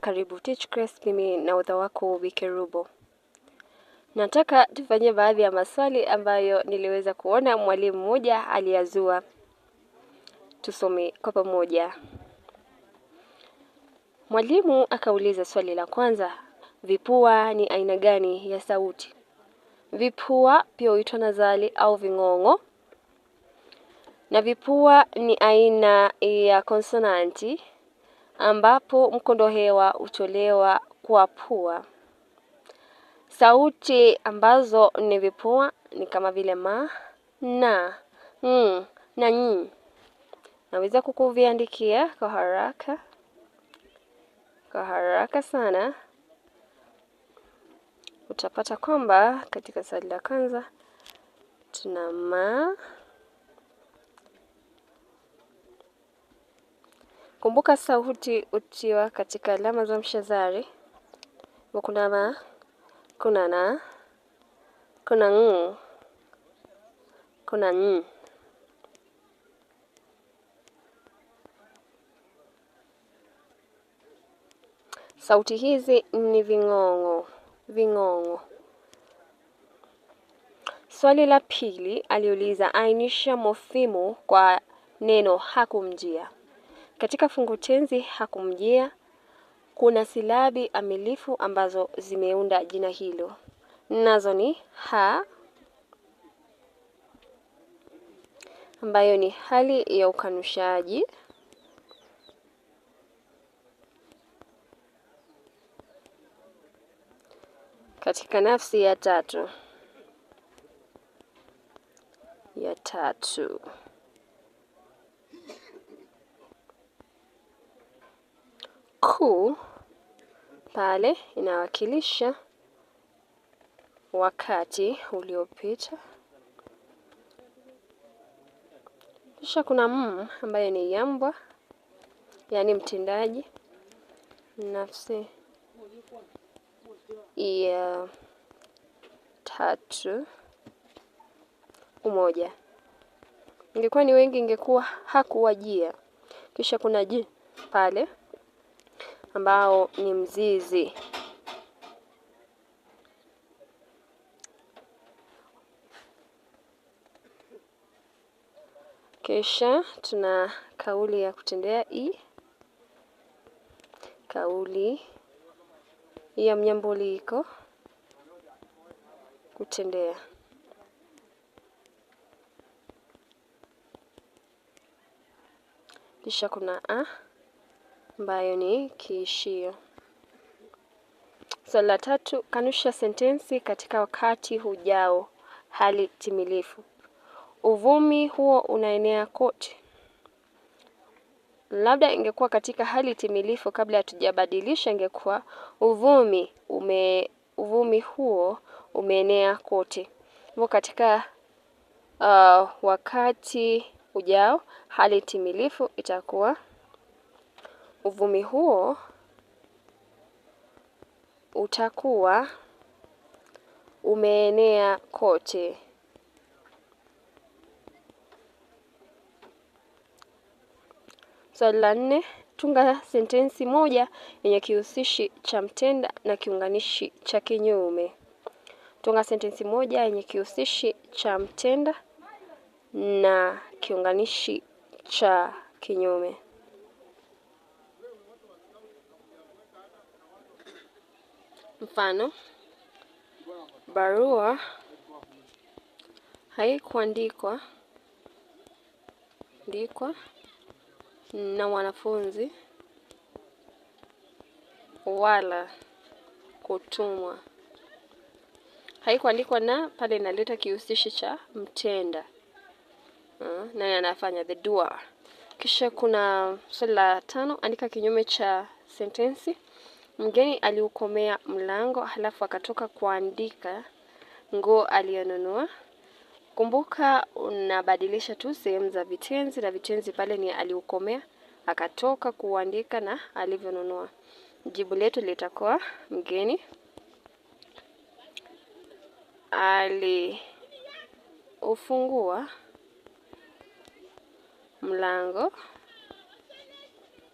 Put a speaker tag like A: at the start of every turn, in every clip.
A: Karibu Teachkrest, mimi na udha wako Wikerubo. Nataka tufanye baadhi ya maswali ambayo niliweza kuona mwalimu mmoja aliyazua. Tusome kwa pamoja. Mwalimu akauliza swali la kwanza, vipua ni aina gani ya sauti? Vipua pia huitwa nazali au ving'ong'o, na vipua ni aina ya konsonanti ambapo mkondo hewa hutolewa kwa pua. Sauti ambazo ni vipua ni kama vile ma, na, mm, na ny. Naweza kukuviandikia kwa haraka kwa haraka sana, utapata kwamba katika swali la kwanza tuna ma Kumbuka sauti utiwa katika alama za mshazari. Kuna ma, kuna na, kuna ng, kuna ng. Sauti hizi ni ving'ong'o, ving'ong'o. Swali la pili aliuliza ainisha mofimu kwa neno hakumjia. Katika fungu tenzi hakumjia kuna silabi amilifu ambazo zimeunda jina hilo, nazo ni ha ambayo ni hali ya ukanushaji, katika nafsi ya tatu ya tatu. kuu pale inawakilisha wakati uliopita. Kisha kuna m ambayo ni yambwa, yaani mtendaji nafsi ya tatu umoja. Ingekuwa ni wengi, ingekuwa hakuwajia. Kisha kuna ji pale ambao ni mzizi. Kisha tuna kauli ya kutendea i, kauli ya mnyambuliko kutendea. Kisha kuna a ambayo ni kiishio. Swali so, la tatu, kanusha sentensi katika wakati hujao hali timilifu. Uvumi huo unaenea kote. Labda ingekuwa katika hali timilifu kabla hatujabadilisha, ingekuwa uvumi ume uvumi huo umeenea kote. Hivyo katika uh, wakati ujao hali timilifu itakuwa Uvumi huo utakuwa umeenea kote. Swali la nne, tunga sentensi moja yenye kihusishi cha mtenda na kiunganishi cha kinyume. Tunga sentensi moja yenye kihusishi cha mtenda na kiunganishi cha kinyume. Mfano, barua haikuandikwa ndikwa na wanafunzi wala kutumwa. Haikuandikwa na pale inaleta kihusishi cha mtenda uh, mm, na anafanya the doer. Kisha kuna swali la tano, andika kinyume cha sentensi. Mgeni aliukomea mlango, halafu akatoka kuandika nguo aliyonunua. Kumbuka unabadilisha tu sehemu za vitenzi na vitenzi pale ni aliukomea, akatoka kuandika na alivyonunua. Jibu letu litakuwa mgeni aliufungua mlango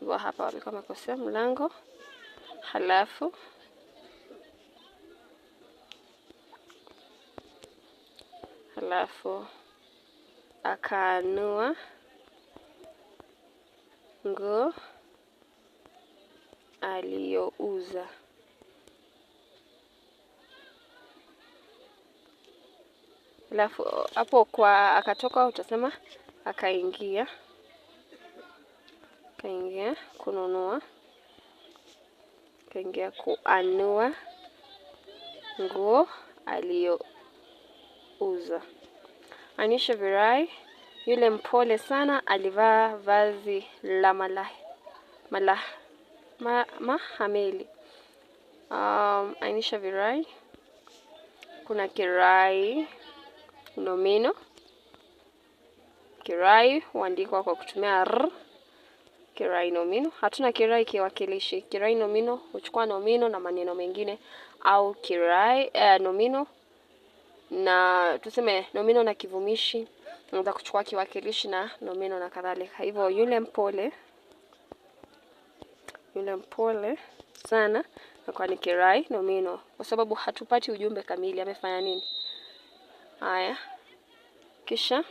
A: wa hapa, walikuwa wamekosea mlango halafu halafu akaanua nguo aliyouza. Alafu hapo kwa akatoka, utasema akaingia, akaingia kununua akaingia kuanua nguo aliyouza. Anisha Virai yule mpole sana alivaa vazi la malahi mala, ma, mahameli. Um, Anisha Virai, kuna Kirai nomino. Kirai huandikwa kwa kutumia r kirai nomino. Hatuna kirai kiwakilishi. Kirai nomino huchukua nomino na maneno mengine au kirai eh, nomino na tuseme nomino na kivumishi unaweza kuchukua kiwakilishi na nomino na kadhalika. Hivyo yule mpole, yule mpole sana kwa ni kirai nomino, kwa sababu hatupati ujumbe kamili amefanya nini. Haya, kisha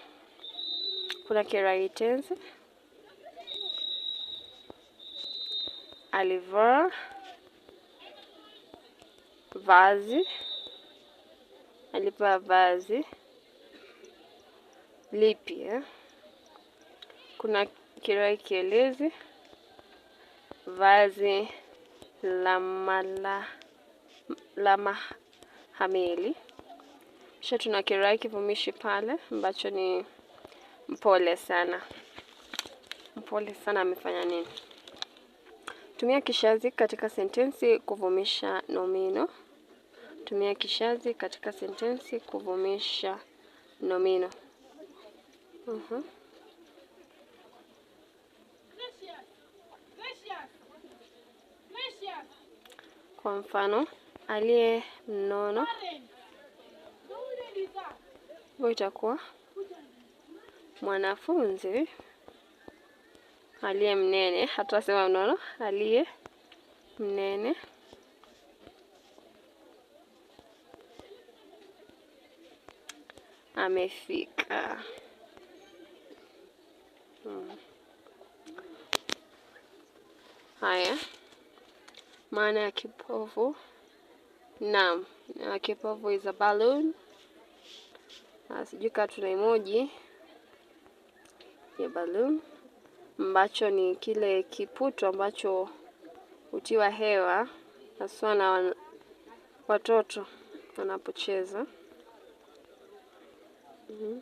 A: kuna kirai tenzi. alivaa vazi alivaa vazi lipi eh? Kuna kirai kielezi vazi la mala la mahamili, kisha tuna kirai kivumishi pale ambacho ni mpole sana. Mpole sana amefanya nini? Tumia kishazi katika sentensi kuvumisha nomino. Tumia kishazi katika sentensi kuvumisha nomino. -huh. Kwa mfano, aliye mnono, hiyo itakuwa mwanafunzi aliye mnene, hatasema mnono, aliye mnene amefika. Hmm. Haya, maana ya kipofu. Naam, kipofu is a balloon. Ah, sijui kaa tuna emoji ya balloon ambacho ni kile kiputo ambacho hutiwa hewa haswa na watoto wanapocheza. Mm-hmm.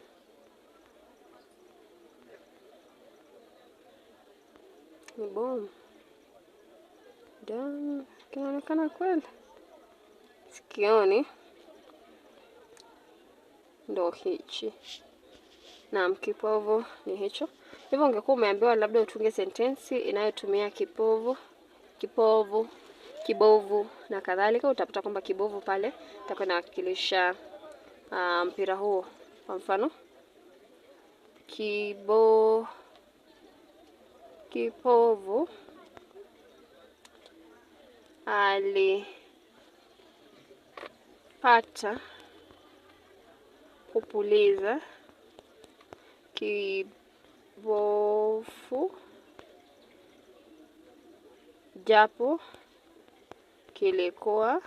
A: Ni bomu dan kinaonekana kweli sikioni, ndo hichi na kipovu ni hicho. Hivyo ungekuwa umeambiwa labda utunge sentensi inayotumia kipovu, kipovu, kibovu na kadhalika, utapata kwamba kibovu pale itakuwa inawakilisha uh, mpira huo. Kwa mfano kibo, kipovu alipata kupuliza ki bofu japo kilikuwa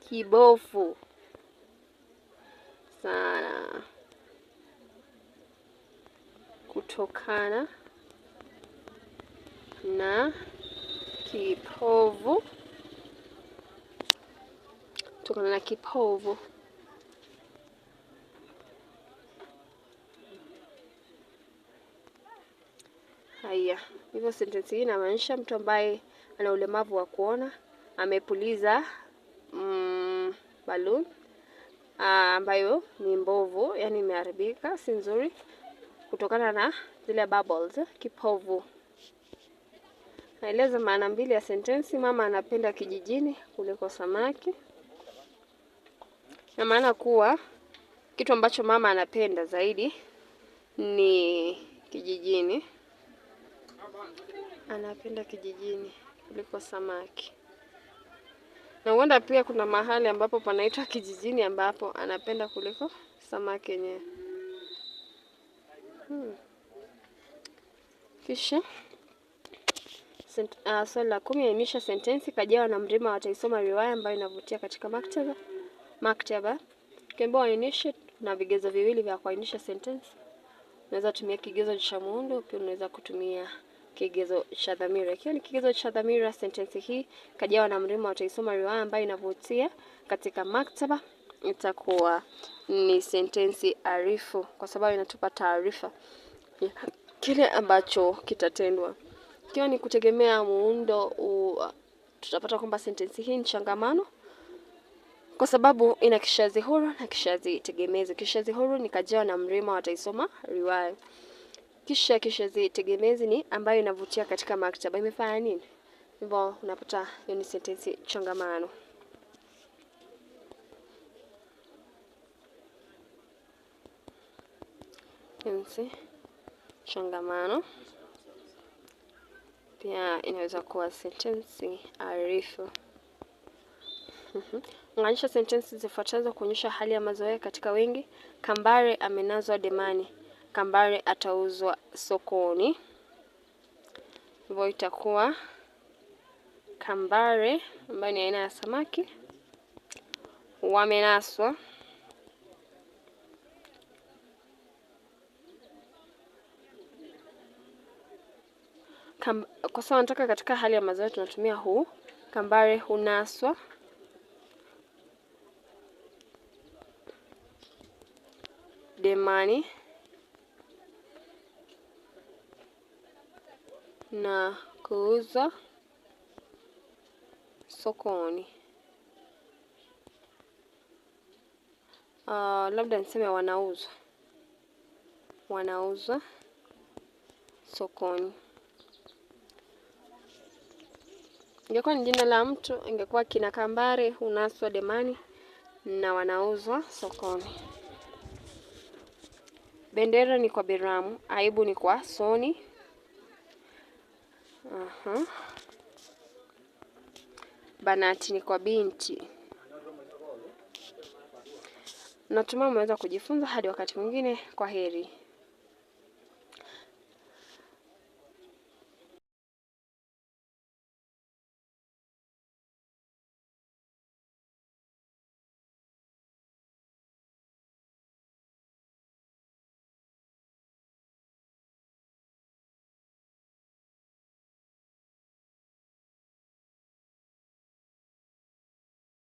A: kibofu sana kutokana na kipovu kutokana na kipovu. Haya, hivyo sentensi hii inamaanisha mtu ambaye ana ulemavu wa kuona amepuliza mm, balloon ah, ambayo ni mbovu, yani imeharibika, si nzuri, kutokana na zile bubbles, kipovu. Naeleza maana mbili ya sentensi: mama anapenda kijijini kuliko samaki, na maana kuwa kitu ambacho mama anapenda zaidi ni kijijini anapenda kijijini kuliko samaki, na huenda pia kuna mahali ambapo panaitwa kijijini ambapo anapenda kuliko samaki yenyewe. Hmm. Kisha uh, swali la kumi, ainisha sentensi. Kajawa na Mrima wataisoma riwaya ambayo inavutia katika maktaba. Maktaba ukiambiwa uainishe na vigezo viwili vya kuainisha sentensi, unaweza tumia kigezo cha muundo, pia unaweza kutumia kigezo cha dhamira. Ikiwa ni kigezo cha dhamira, sentensi hii Kajawa na Mrima wataisoma riwaya ambayo inavutia katika maktaba, itakuwa ni sentensi arifu, kwa sababu inatupa taarifa kile ambacho kitatendwa. Ikiwa ni kutegemea muundo u, tutapata kwamba sentensi hii ni changamano kwa sababu ina kishazi huru na kishazi tegemezi. Kishazi huru ni Kajawa na Mrima wataisoma riwaya kisha kisha tegemezi ni ambayo inavutia katika maktaba imefanya nini. Hivyo unapata hiyo ni sentensi changamano. Sentensi changamano pia inaweza kuwa sentensi arifu. Unganisha sentensi zifuatazo kuonyesha hali ya mazoea katika wingi. Kambare amenazwa demani kambare atauzwa sokoni, hivyo itakuwa kambare ambayo ni aina ya samaki wamenaswa. kwa sababu nataka katika hali ya mazoea tunatumia huu kambare hunaswa demani na kuuza sokoni. Uh, labda niseme wanauza wanauza sokoni. Ingekuwa ni jina la mtu, ingekuwa kina Kambare, Unaswa, Demani na wanauzwa sokoni. Bendera ni kwa biramu aibu ni kwa Soni. Uhum. Banati ni kwa binti. Natumai umeweza kujifunza. Hadi wakati mwingine, kwa heri.